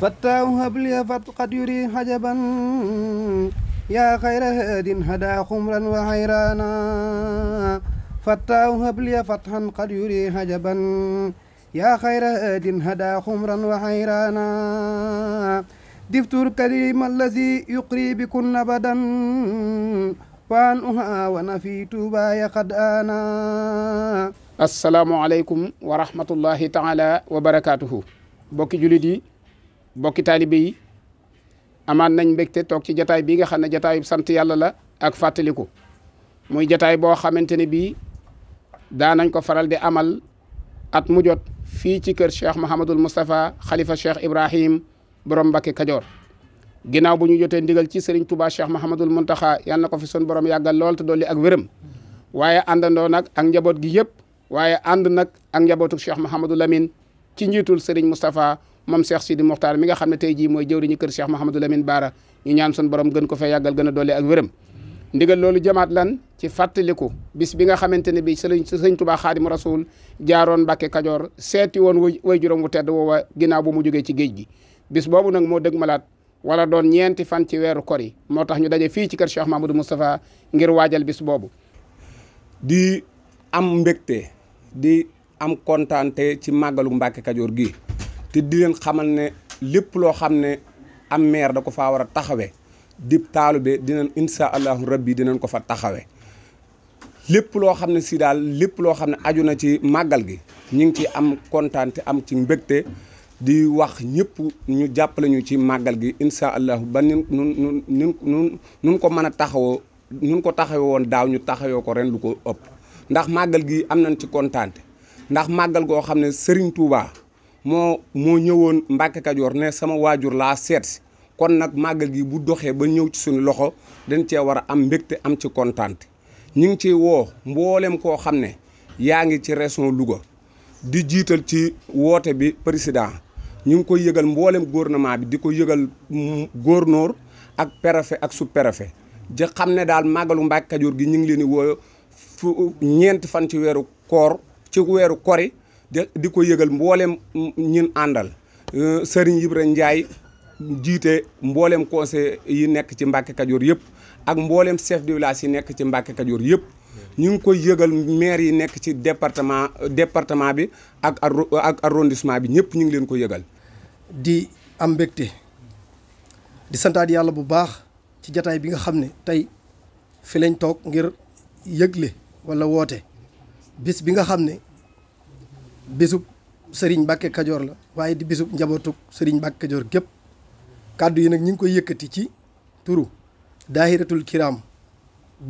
فتاه يا فت قد يري حجبا يا خير هاد هدا خمرا وحيرانا فتاه هبل يا فتحا قد يري حجبا يا خير هاد هدا خمرا وحيرانا دفتر كريم الذي يقري بكن أبدا وأن وانا في توبا يا قد آنا السلام عليكم ورحمة الله تعالى وبركاته بوكي جلدي bokki taalibe yi amaat nañ mbégte toog ci jataay bii nga xam ne jataayu sant yàlla la ak fàttaliku muy jataay boo xamante ne bii nañ ko faral di amal at mu jot fii ci kër cheikh Mouhamadul Moustapha xalifa cheikh Ibrahim borom Mbakke Kajoor ginnaaw bu ñu jotee ndigal ci Serigne Touba cheikh Mouhamadul Mountakha yal na ko fi sun borom yàggal lool te dolli ak wërëm waaye àndandoo nag ak njaboot gi yëpp waaye ànd nag ak njabootu cheikh Mouhamadul ci njiitul Serigne Moustapha. mom Cheikh Sidi Mokhtar mi nga xamne tay ji moy mooy jëwriñu kër Cheikh mohammed Lamine bara ñu ñaan sun borom gën ko fa yagal gëna doole ak wërëm ndigal lolu jamaat lan ci fàttaliku bis bi nga xamanteni bi sëriñ touba khadim rasoul jaaroon Mbàkke Kajoor seeti won way wu tedd woowa ginaaw bu mu joge ci geejgi bis bobu nang mo dëg malat wala doon ñeenti fan ci wéru kor yi moo ñu daje fi ci keur Cheikh mahamoudou mustapha ngir wajal bis bobu di am mbekté di am contenté ci magalu Mbàkke kadior gi te di leen xamal ne lépp loo xam ne am maire da ko faa war a taxawee dib taalube dinañ incha allahu rabbi dinañ ko fa taxawe lépp loo xam ne si daal lépp loo xam ne aju na ci màggal gi ñu ngi ci am kontaan am ci mbégte di wax ñëpp ñu jàppale ñu ci màggal gi incha allahu ba nun nun nun nun ko mën a taxawoo nun ko taxawe woon daaw ñu taxawoo ko ren lu ko ëpp ndax màggal gi am nañ ci kontaan ndax màggal goo xam ne sëriñ tuubaa moo moo ñëwoon Mbàkke Kajoor ne sama waajur laa seet si kon nag màggal gi bu doxee ba ñëw ci suñu loxo dañ cee war a am mbégte am ci kontaante ñu ngi ciy woo mboolem koo xam ne yaa ngi ci région Louga di jiital ci woote bi président ñu ngi koy yëgal mboolem gouvernement bi di ko yëgal gouverneur ak préfet ak sous-préfet di xam ne daal màggalu Mbàkke Kajoor gi ñu ngi leen di woo fu ñeenti fan ci weeru koor ci weeru kori di ko yëgal mboolem ñin àndal euh, Serigne Ibra Ndiaye jiite mboolem conseil yi nekk ci Mbacke Kajoor yëpp ak mboolem chef de village nekk ci Mbacke Kajoor yëpp ñu ngi koy yëgal maire yi nekk ci département département bi ak ak arrondissement bi ñëpp ñu ngi leen ko yëgal. di am mbégte di santaat yàlla bu baax ci jataay bi nga xam ne tey fi lañ toog ngir yëgle wala woote bis bi nga xam ne. bisub sëriñ Mbàkke Kajoor la waaye di bisub njabootu sëriñ Mbàkke Kajoor gépp kàddu yi nag ñu ngi koy yëkkati ci turu daahiratul kiram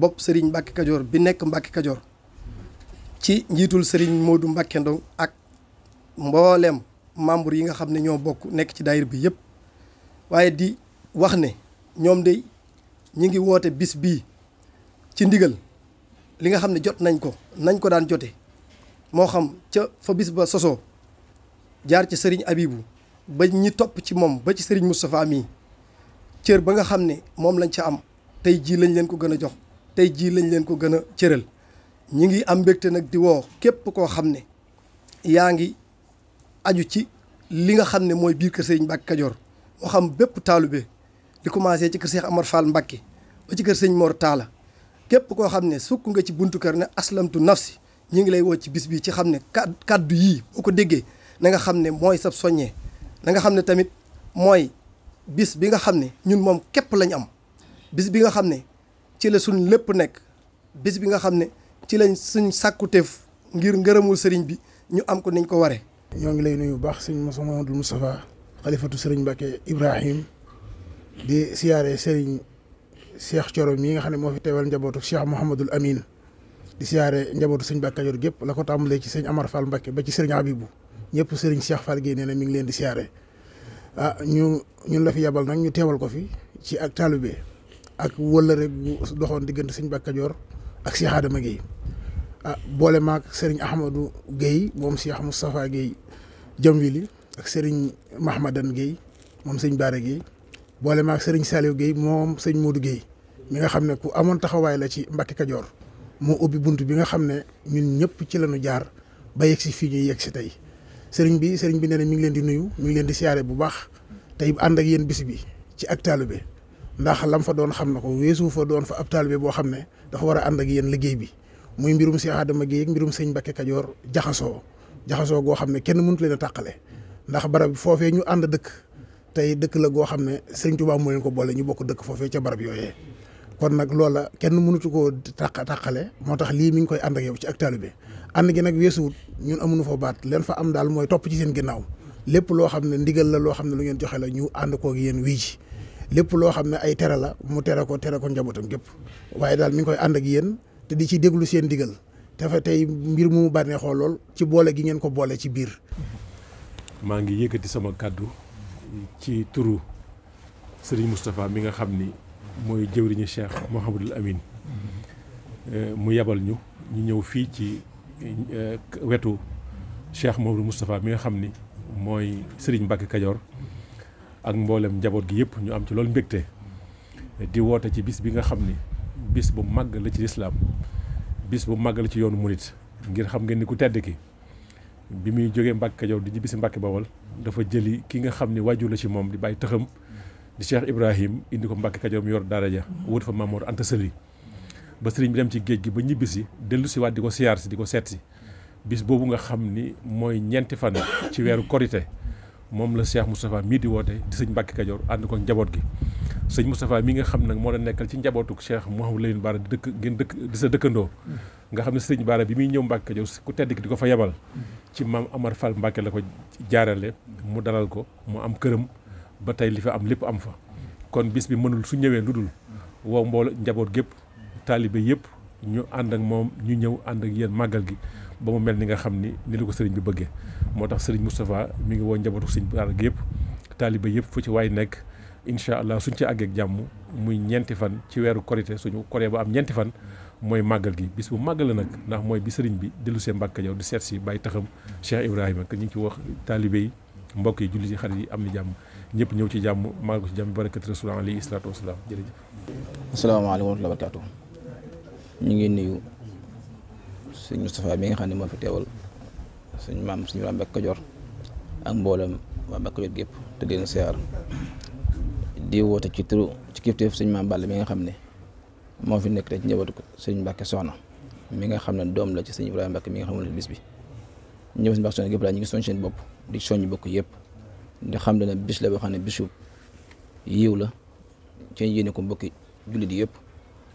bopp sëriñ Mbàkke Kajoor bi nekk Mbàkke Kajoor ci njiitul sëriñ Moodu Mbàkke Ndong ak mbooleem membre yi nga xam ne ñoo bokk nekk ci daayir bi yëpp waaye di wax ne ñoom de ñi ngi woote bis bi ci ndigal li nga xam ne jot nañ ko nañ ko daan jote moo xam ca fa bis ba sosoo jaar ci sëriñ Abibu ba ñi topp ci moom ba ci sëriñ Moustapha mii cër ba nga xam ne moom lañ ca am tey jii lañ leen ko gën a jox tey jii lañ leen ko gën a cëral ñi ngi am mbégte nag di woo képp koo xam ne yaa ngi aju ci li nga xam ne mooy biir kër sëriñ Mbacke Kajoor moo xam bépp taalibe li commencé ci kër Cheikh Amar Fall Mbacke ba ci kër sëriñ Mor Talla képp koo xam ne sukk nga ci buntu kër ne aslamtu nafsi ñu ngi lay woo ci bis bi ci xam ne kàddu yii boo ko déggee na nga xam ne mooy sab soññee na nga xam ne tamit mooy bis bi nga xam ne ñun moom képp lañ am bis bi nga xam ne ci la suñ lépp nekk bis bi nga xam ne ci lañ suñ sàkkuteef ngir ngërëmul sëriñ bi ñu am ko niñ ko ware ñoo ngi lay nuyu bu baax sëñ Moussa Mamadou Moustapha xalifatu sëriñ Mbacke Ibrahim di siyaare sëriñ Cheikh Thioro mii nga xam ne moo fi teewal njabootu Cheikh Mouhamadul Amin di siyaare njabootu sëñ Mbàkke Kajoor gépp la ko tàmbalee ci sëñ Amar Fall Mbàkke ba ci sëriñ Abibu ñëpp sëriñ Cheikh Fall Guèye nee na mi ngi leen di siyaare ah ñu ñun la fi yabal nag ñu teewal ko fi ci ak taalibe ak rek bu doxoon diggante sëñ Mbàkke Kajoor ak Cheikh Adama Guèye ah boole maag sëriñ Ahmadou géey moom Cheikh Moustapha Guèye Jamwili ak sëriñ Mahmadan Guèye moom sëñ Baara Guèye boole maag sëriñ Saliou Guèye moom sëñ Modou Guèye mi nga xam ne ku amoon taxawaay la ci Mbàkke Kajoor moo ubbi bunt bi nga xam ne ñun ñëpp ci lanu jaar ba yegg fii ñuy yegg si tey sëriñ bi sëriñ bi ne na mi ngi leen di nuyu mi ngi leen di siyaare bu baax tey ànd ak yéen bis bi ci ak taalibe ndax lam fa doon xam na ko weesu fa doon fa ab taalibe boo xam ne dafa war a ànd ak yéen liggéey bi muy mbirum Cheikh Adama Guèye ak mbirum sëñ Mbacké Kadior jaxasoo jaxasoo goo xam ne kenn mënut leen a tàqale ndax barab foofee ñu ànd dëkk tey dëkk la goo xam ne sëriñ Tuubaa moo ko boole ñu bokk dëkk foofee ca barab yooyee kon nak lola kenn munu ci ko tak takale motax li mi ngi koy and ak yow ci ak talibé and gi nak weesuwut ñun amuñu fo baat len fa am dal moy top ci seen ginnaw lepp lo xamne ndigal la lo xamne lu ngeen joxe la ñu and ko ak yeen ji lépp loo xam ne ay téré la mu téré ko téré ko njabotam gep waye dal mi ngi koy and ak yeen te di ci déglu seen ndigal te fa tay mbir mu barne xol lol ci boole gi ngeen ko boole ci bir ma ngi yëkëti sama kàddu ci turu Serigne mustapha mi nga xamni mooy jëwriñu Cheikh Mouhamadul Amin eh, mu yebal ñu ñu ñëw fii ci eh, wetu Cheikh Mouhamadou Moustapha mi nga xam ni mooy sëriñ Mbacke Kajoor ak mboolem njaboot gi yëpp ñu am ci loolu mbégte di woote ci bis bi nga xam ni bis bu màgg la ci lislaam bis bu màgg la ci yoonu murit ngir xam ngeen ni ku tedd ki bi muy jógee Mbacke Kajoor di ñibbisi Mbacke boobal dafa jëli ki nga xam ni waajur la ci moom di bàyyi tëxam di Cheikh Ibrahim indi ko Mbàkke Kajoor mu yor daara ja wut fa Mamoor Anta Sëli ba sëriñ bi dem ci géej gi ba ñibbi si dellu si waat di ko siyaar si di ko seet si bis boobu nga xam ni mooy ñeenti fan ci weeru korite moom la Cheikh Moustapha mii di woote sëñ Mbàkke Kajoor ko njaboot gi sëñ Moustapha mi nga xam nag moo la nekkal ci njabootuk Cheikh Mouhamadou Lamine Bara di dëkk ngeen dëkk di sa dëkkandoo nga xam ne sëñ Bara bi muy ñëw Mbàkke Kajoor ku tedd ki di ko fa yabal ci maam Amar Fall Mbàkke la ko jaarale mu dalal ko mu am këram ba tey li fi am lépp am fa kon bis bi mënul su ñëwee lu dul wow mbool njaboot gépp taalibe yëpp ñu ànd ak moom ñu ñëw ànd ak yéen màggal gi ba mu mel ni nga xam ni ni la ko sëriñ bi bëggee moo tax sëriñ Moustapha mi ngi woo njabootu sëriñ Bara gi yëpp taalibe yëpp fu ci waay nekk incha allah suñ ci àggeeg jàmm muy ñeenti fan ci weeru korité suñu koré ba am ñeenti fan mooy màggal gi bis bu màggal la nag ndax mooy bi sëriñ bi dellu see Mbàkke Kajoor di seet taxam Cheikh Ibrahima ñu ngi ci wax taalibe yi mbokk yi julli ci xarit yi am ni jàmm ñëpp ñëw ci jàmm maago ci jàmm barakat rasul alayhi salaatu wasalaam jërëjëf asalaamaaleykum ñu ngi nuyu sëñ Moustapha mi nga xam ne moo fi teewal suñ maam suñu waa Mbacke Kajoor ak mboolem waa Mbacke Kajoor gépp te di leen di woote ci turu ci kifteef suñ maam Balla mi nga xam ne moo fi nekk te ci njabootu suñ Mbacke Soxna mi nga xam ne doom la ci suñ Ibrahima Mbacke mi nga xam ne bis bi ñëw suñ Mbacke Soxna gépp daal ñu ngi soñ seen bopp di soññ bokk yépp di xam ne bis la boo xam ne bisu yiw la ci yéene ko mbokki jullit yëpp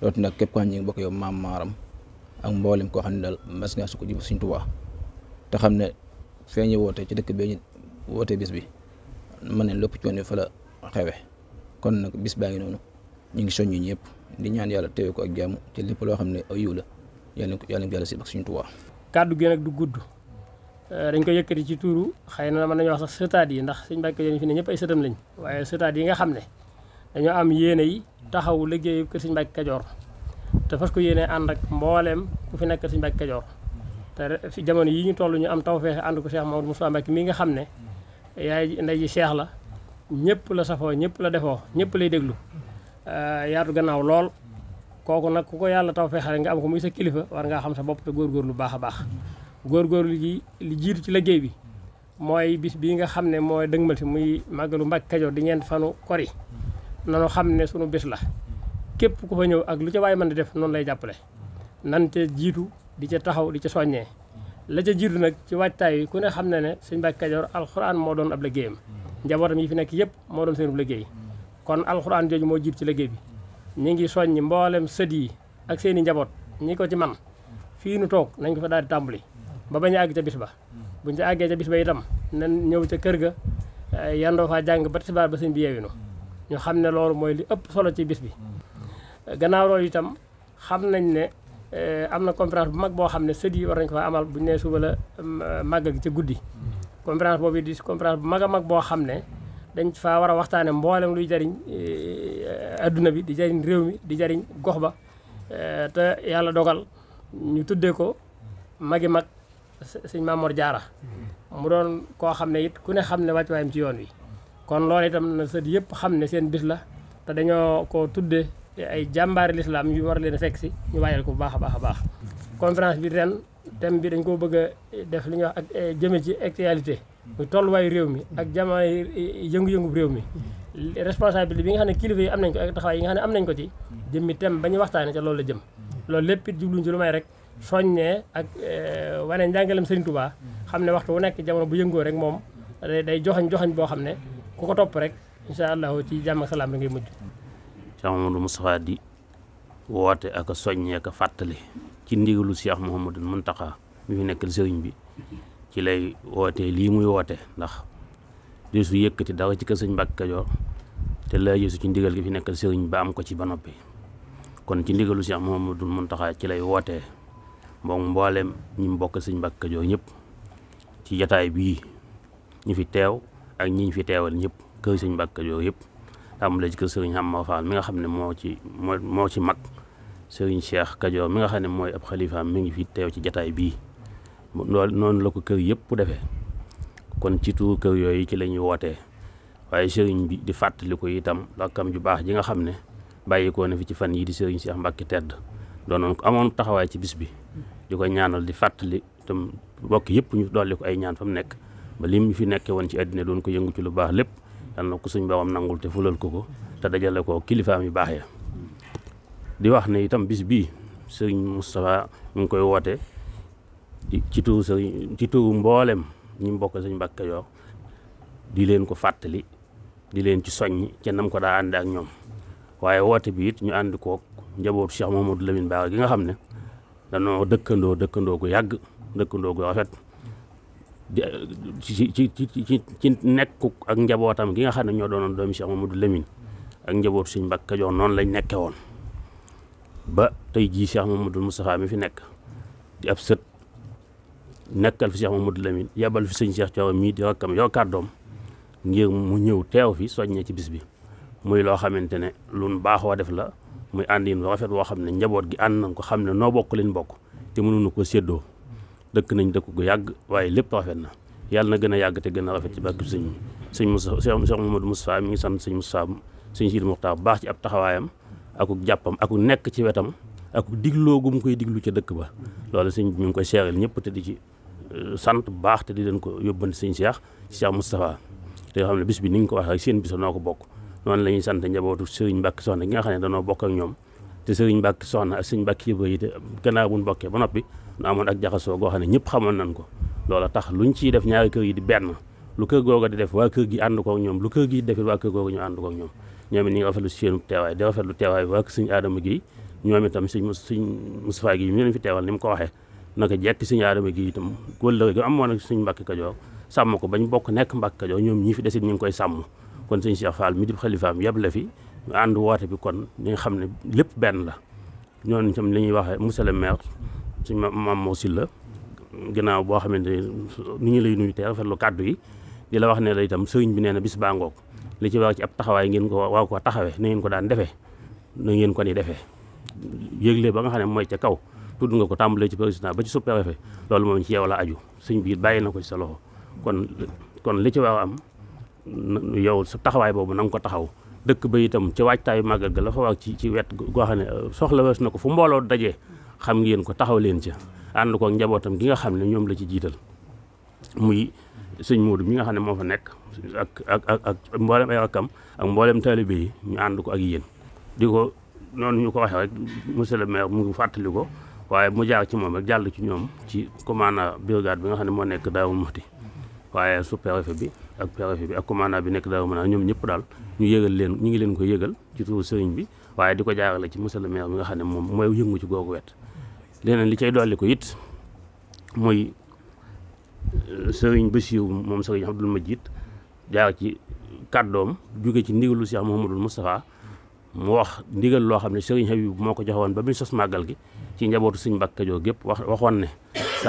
loolu nag képp ko xam ne ñu maam maaram ak mboolem koo xam ne daal mas nga su ko jub Sëñ Tuubaa te xam ne feeñu woote ci dëkk bee woote bis bi mën ne lépp coono fa la xewe kon nag bis baa ngi noonu ñu ngi soñ soññu ñëpp di ñaan yàlla teewe ko ak jàmm ci lépp loo xam ne aw yiw la yàlla ko yàlla ko yàlla si ak Sëñ Tuubaa kàddu gi nag du gudd Euh, dañ ko yëkkati ci tuuru xëy na man nañu wax sax sëtaat yi ndax suñ Mbàkke Kajoor fi ne ñëpp ay sëtam lañ waaye sëtaat yi nga xam ne dañoo am yéene yi taxawu liggéeyu kër suñ Mbàkke Kajoor te fas ko yéene ànd ak mbooleem ku fi nekk suñ Mbàkke Kajoor te fi jamono yi ñu toll ñu am tawfeex ànd ko Cheikh Mamadou Moussa Mbacke mii nga xam ne yaay ndey ji Cheikh la ñëpp la safoo ñëpp la defoo ñëpp lay déglu euh, yaatu gannaaw lool kooku nag ku ko yàlla tawfeexale nga am ko muy sa kilifa war ngaa sa bopp te góorgóorlu baax a baax góor góor lu ji li jiitu ci liggéey bi mooy bis bii nga xam ne mooy dëgmal si muy màggalu Mbàkke Kajoor di ñeent fanu kori na nanu xam ne sunu bis la képp ku fa ñëw ak lu ca waay mën di def noonu lay jàppale nan jiitu di ca taxaw di ca soññee la ca jiitu nag ci waajtaay yi ku ne xam ne ne sëñ Mbàkke Kajoor alxuraan moo doon ab liggéeyam njabootam yi fi nekk yëpp moo doon seen liggéey kon alxuraan jooju moo jiitu ci liggéey bi ñu ngi soññ mboolem sët yi ak seen i njaboot ñi ko ci man fii nu toog nañ ko fa daal di tàmbali ba bañ a àgg ca bis ba bu buñ ca àggee ca bis ba itam na ñëw ca kër ga eh, yandoo faa jàng ba tisbaar ba sëñ bi yeewinu ñu xam ne loolu mooy li ëpp solo ci bis bi gannaaw loolu itam xam nañ ne eh, am na conférence bu mag boo xam ne sët yi war nañ ko fa amal buñ nee suba la mm, màggal gi ca guddi conférence boobu di conférence bu mag a mag boo xam ne dañ faa war a waxtaane mboolem luy jariñ eh, adduna bi di jariñ réew mi di jariñ gox ba te yàlla dogal ñu tuddee ko magi mag sëñ Mamoor Jaara mu doon koo xam ne it ku ne xam ne wàcc waayam ci yoon wi kon loolu itam na sët yëpp xam ne seen bis la te dañoo ko tudde ay jàmbaari lislam yu war leen fekk si ñu waajal ko bu baax a baax a baax conférence bi den thème bi dañ koo bëgg a def li ñu wax ak eh, jëme ci actualité muy tolluwaayu réew mi ak jamono eh, yëngu-yëngu réew mi responsabilité bi nga xam ne kilifa yi am nañ ko ak taxawaay yi nga xam ne am nañ ko ci jëmmi thème ba ñu waxtaane ca loolu la jëm loolu lépp it jubluñ rek soññee ak eh, wane njàngaleem Serigne tubaa xam ne waxtu wu nekk jamono bu yëngoo rek moom day joxañ joxañ boo xam ne ku ko topp rek incha allahu ci jàmm ak salaam la ngay mujj. Cheikh Mamadou Moustapha di woote ak a soññee ak a fàttali ci ndigalu Cheikh Mouhamadou Mountakha mi fi nekkal sëriñ bi ci lay wootee lii muy woote ndax di su yëkkati ci kër sëñ Mbàkke Kajoor te laa jësu ci ndigal gi fi nekkal sëriñ ba am ko ci ba noppi kon ci ndigalu Cheikh Mouhamadou Mountakha ci lay wootee. moom mboolem ñi mu bokk sëñ Mbàkke Kajoor ñëpp ci jataay bii ñu fi teew ak ñi fi teewal ñëpp kër sëñ Mbàkke Kajoor yëpp tàmbale ci kër sëriñ Xamma Faal mi nga xam ne moo ci moo moo ci mag sëriñ Cheikh Kajoor mi nga xam ne mooy ab xalifaam mi ngi fi teew ci jataay bi non noonu la ko kër yëpp defee kon ci tu kër yooyu ci la ñuy wootee waaye sëriñ bi di fàttali ko itam rakkam ju baax ji nga xam ne bàyyi ko na fi ci fan yi di sëriñ Cheikh Mbàkke tedd doonoon amoon taxawaay ci bis bi di koy ñaanal di fàttali tam bokk yëpp ñu dolli ko ay ñaan fa nekk ba lim ñu fi nekkee woon ci àddina doon ko yëngu ci lu baax lépp yal na ko suñ borom nangul te fulal ko ko te dajale ko kilifaam yu baax ya di wax ne itam bis bii sëriñ Moustapha mu ngi koy woote ci turu sëriñ mboolem ñi mbokk sëriñ Mbàkke Kajoor di leen ko fàttali di leen ci soññ ca nam ko daa ànd ak ñoom waaye woote bi it ñu ànd kook njabootu Cheikh Mamadou Lamine baax gi nga xam ne danoo dëkkandoo dëkkandoo gu yàgg dëkkandoo gu rafet ci ci ci ci nekku ak njabootam gi nga xam ne ñoo doonoon doomi Cheikh Mamadou Lamine ak njabootu suñ Mbàkke Kajoor noonu lañ nekke woon ba tey jii Cheikh Mamadou Moustapha mi fi nekk di ab sët nekkal fi Cheikh Mamadou Lamine yebal fi sëñ Cheikh Thioro mii di rakkam yor kàddoom ngir mu ñëw teew fi soññe ci bis bi muy loo xamante ne lu baaxoo def la muy àndin bu rafet woo xam ne njaboot gi ànd nañ ko xam ne noo bokk leen bokk te mënuñu ko séddoo dëkk nañ dëkk gu yàgg waaye lépp rafet na yàlla na gën a yàgg te gën a rafet ci barke sëñ bi sëñ Moussa Cheikh Mamadou Moustapha mi ngi sant sëñ Moussa sëñ Sidi Mokhtar baax ci ab taxawaayam aku jàppam aku nekk ci wetam aku digloo gu mu koy diglu ca dëkk ba loolu sëñ bi mi ngi koy seeral ñëpp te di ci euh, sant bu baax te di leen ko yóbbante sëñ Cheikh Cheikh Moustapha te yoo xam ne bis bi ni nga ko waxee seen bisa noo ko bokk noonu la ñuy sant njabootu sëriñ Mbàkke soxna gi nga xam ne danoo bokk ak ñoom te sëriñ Mbàkke soxna ak sëriñ Mbàkke yëpp yi bu ñu ba noppi nu amoon ak jaxasoo goo xam ne ñëpp xamoon nañ ko loola tax luñ ciy def ñaari kër yi di benn lu kër googa di def waa kër gi ànd kook ñoom lu kër gi defit waa kër googa ñu ànd kook ñoom ñoom it ñu ngi rafetlu seenu teewaay di rafetlu teewaay bi waa sëñ Adama gi ñoom itam sëñ sëñ Moustapha gi ñu leen fi teewal ni mu ko waxee naka jekk sëñ Adama gi itam góllëre gi amoon ak sëñ Mbàkke Kajoor sàmm ko bañ bokk nekk Mbàkke Kajoor ñoom ñii fi desit ñu ngi koy sàmm kon sëñ Cheikh Fall mi di xalifaam yab la fi ànd woote bi kon li nga xam ne lépp benn la ñooñu itam li ñuy waxee monsieur le maire suñ maam moo si la ginnaaw boo xamante ni ñu lay nuyu te rafetlu kàddu yi di la wax ne la itam sëriñ bi nee na bis baa ngoog li ci wax ci ab taxawaay ngeen ko waaw ko taxawee na ngeen ko daan defee na ngeen ko ni defee yëgle ba nga xam ne mooy ca kaw tudd nga ko tàmbalee ci président ba ci sous-préfet loolu moom ci yow la aju sëñ bi bàyyi na ko ci sa loxo kon kon li ci war a am yow sa taxawaay boobu na nga ko taxaw dëkk ba itam ci waajtaayu màggal ga la fa wax ci ci wet goo xam ne soxla wees na ko fu mbooloo dajee xam ngeen ko taxaw leen ci ànd ko njabootam gi nga xam ne ñoom la ci jiital muy sëñ Modou mi nga xam ne moo fa nekk ak ak ak ak mboolem ay rakkam ak mboolem taalibe yi ñu ànd ko ak yéen di non noonu ñu ko waxee rek monsieur le maire mu ngi fàttali ko waaye mu jaar ci moom rek jàll ci ñoom ci commandant brigade bi nga xam ne moo nekk daawu Muxti waaye sous-préfet bi ak PAF bi ak commandant bi nek daaw mën ñom ñoom dal ñu yeggal leen ñi ngi leen ko yeggal ci turu serigne bi waye diko ko ci monsieur le maire bi nga xamne mom moy mooy yëngu ci gogu wet leneen li cey doli ko yit moy euh, serigne bassiou mom serigne Abdoul Majid jaar ci kaddom jóge ci ndigalu Cheikh Mouhamadul Moustapha mu wax ndigal lo xamne serigne Habib moko ko ba bi sos magal gi ci njabootu serigne Mbàkke gep gépp wax waxoon ne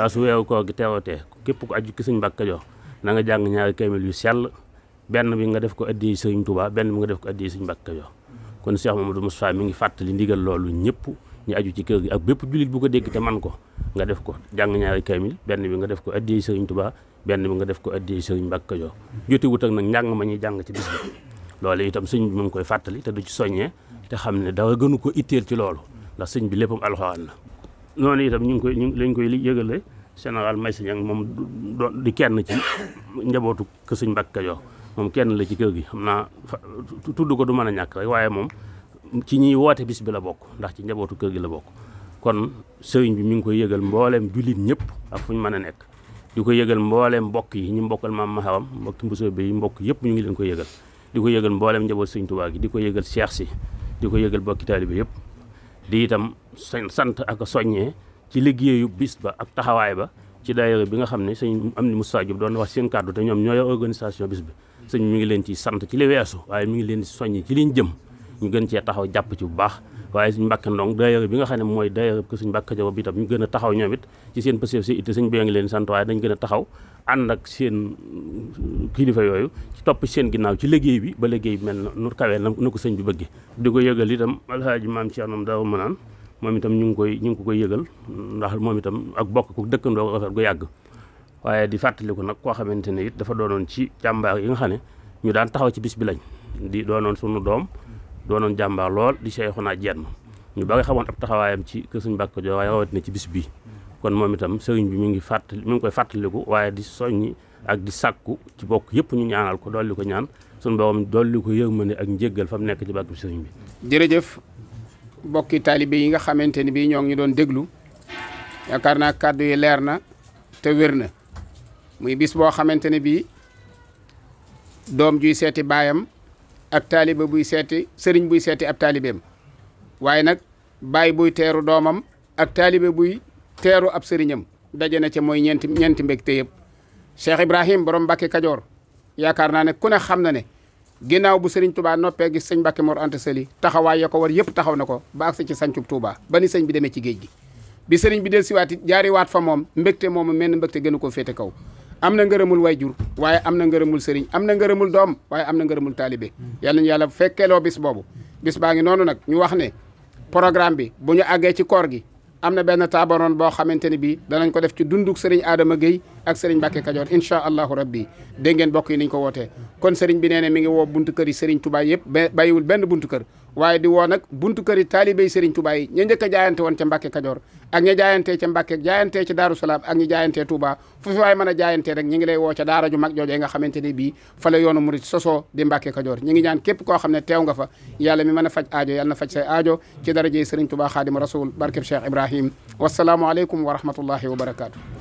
su wew ko gi teerootee gep ko aju ci serigne Mbàkke na nga jàng ñaari kaamil yu sell benn bi nga def ko addi sëriñ tubaa benn bi nga def ko addi sëriñ Mbàkke Kajoor kon Cheikh Mamadou Moustapha mi ngi fàttali ndigal loolu ñëpp ñu aju ci kër gi ak bépp jullit bu ko dégg te man ko nga def ko jàng ñaari kaamil benn bi nga def ko addi sëriñ Touba benn bi nga def ko addi sëriñ Mbàkke Kajoor jote wut ak nag njàng ma ñuy jàng ci bis bi loolu itam sëñ bi mu ngi koy fàttali te du ci soññee te xam ne dara gënu ko itteel ci loolu ndax sëñ bi léppam alxuraan la noonu itam ñu ngi koy lañ koy yëgale général Maysa Ñaŋ moom di kenn ci njabootu kër Sëñ Mbàkke Kajoor moom kenn la ci kër gi xam naa tudd ko du mën a ñàkk rek waaye moom ci ñiy woote bis bi la bokk ndax ci njabootu kër gi la bokk kon sëriñ bi mi ngi koy yëgal mbooleem jullit ñëpp ak fu ñu mën a nekk di ko yëgal mbooleem mbokk yi ñu mbokkal maam maxawam mbokki mbosoo bi mbokk yëpp ñu ngi leen ko yëgal di ko yëgal mbooleem njaboot sëriñ Tuubaa gi di ko yëgal Seex si di ko yëgal bokki taalibe yëpp di itam sant ak soññee ci liggéeyu bis ba ak taxawaay ba ci daayira bi nga xam ne sëñ am ni Moustapha Diop doon wax seen kàddu te ñoom ñooy organisation bis bi sëñ mi ngi leen ci sant ci li weesu waaye mi ngi leen ci soññ ci liñ jëm ñu gën cee taxaw jàpp ci bu baax waaye suñ mbàkke ndong daayira bi nga xam ne mooy daayira ko suñ mbàkke jaw bi tam ñu gën a taxaw ñoom it ci seen pasif si itte sëñ bi ngi leen sant waaye dañ gën a taxaw ànd ak seen mm, kilifa yooyu ci topp seen ginnaaw ci liggéey bi ba liggéey bi mel nu kawee na ko sëñ bi bëgge di ko yëgal itam alhaaji maam Cheikh nam daaw mënaan moom itam ñu ngi koy ñu ngi ko koy yëgal ndax moom itam ak bokk ku dëkkandoo affaire gu yàgg waaye di fàttaliku nag koo xamante ne it dafa doonoon ci jàmbaar yi nga xam ne ñu daan taxaw ci bis bi lañ di doonoon sunu doom doonoon jàmbaar lool di Cheikhouna Diène ñu ba nga xamoon ab taxawaayam ci kër Sëriñ Mbàkke Kajoor waaye ci bis bi kon moom itam sëriñ bi mi ngi fàttali mi ngi koy fàttaliku waaye di soññi ak di sàkku ci bokk yëpp ñu ñaanal ko dolli ko ñaan sunu borom dolli ko yërmande ak njégal fa mu nekk ci bàkk bi sëriñ bi bokki taalibe yi nga xamante ni bii ñoo ngi doon déglu yaakaar na kàddu yi leer na te wér na muy bis boo xamante ne bii doom juy seeti baayam ak taalibe buy seeti sëriñ buy seeti ab taalibeem waaye nag baay buy teeru doomam ak taalibe buy teeru ab sëriñam daje na ca mooy ñeenti ñeenti mbégte yëpp Cheikh Ibrahim borom Mbàkke Kajoor yaakaar naa ne ku ne xam na ne. ginnaaw bu Serigne Touba noppee gis sëñ Mbacke Mor Anta Sali taxawaay ya ko war yëpp taxaw na ko ba agsi ci sancub Touba ba ni sëñ bi demee ci géej gi bi sëriñ bi del siwaat it jaari waat fa moom mbégte moomu mel ni mbégte ko koo féete kaw am na ngërëmul wayjur waaye am na ngërëmul sëriñ am na ngërëmul doom waaye am na ngërëmul taalibe yàlla ñu fekkee loo bis boobu bis baa ngi noonu nag ñu wax ne programme bi bu ñu àggee ci koor gi am na benn taabaroon boo xamante ne bii danañ ko def ci dunduk sëriñ Adama Gueye ak Serigne Mbacke Kajoor incha allahu rabbi dégg ngeen bokk yi niñ ko wootee kon Serigne bi nee ne mi ngi woo buntu kër yi Serigne Touba yëpp bàyyiwul benn buntu kër waaye di woo nag buntu kër yi taalibey Serigne Touba yi ña njëkk a jaayante woon ca Mbacke Kajoor ak ña jaayantee ca Mbacke jaayantee ci Daaru Salaam ak ñi jaayantee Touba fu fi waaye a jaayantee rek ñi ngi lay woo ca daara ju mag joojee nga xamante ne bii fa la yoonu murit sosoo di Mbacke Kajoor ñi ngi ñaan képp koo xam ne teew nga fa yàlla mi mën a faj aajo yàlla na faj say aajo ci darajey Serigne Touba Xaadimu Rasul barkeb Cheikh Ibrahim wasalaamu aleykum wa rahmatullahi wa barakatu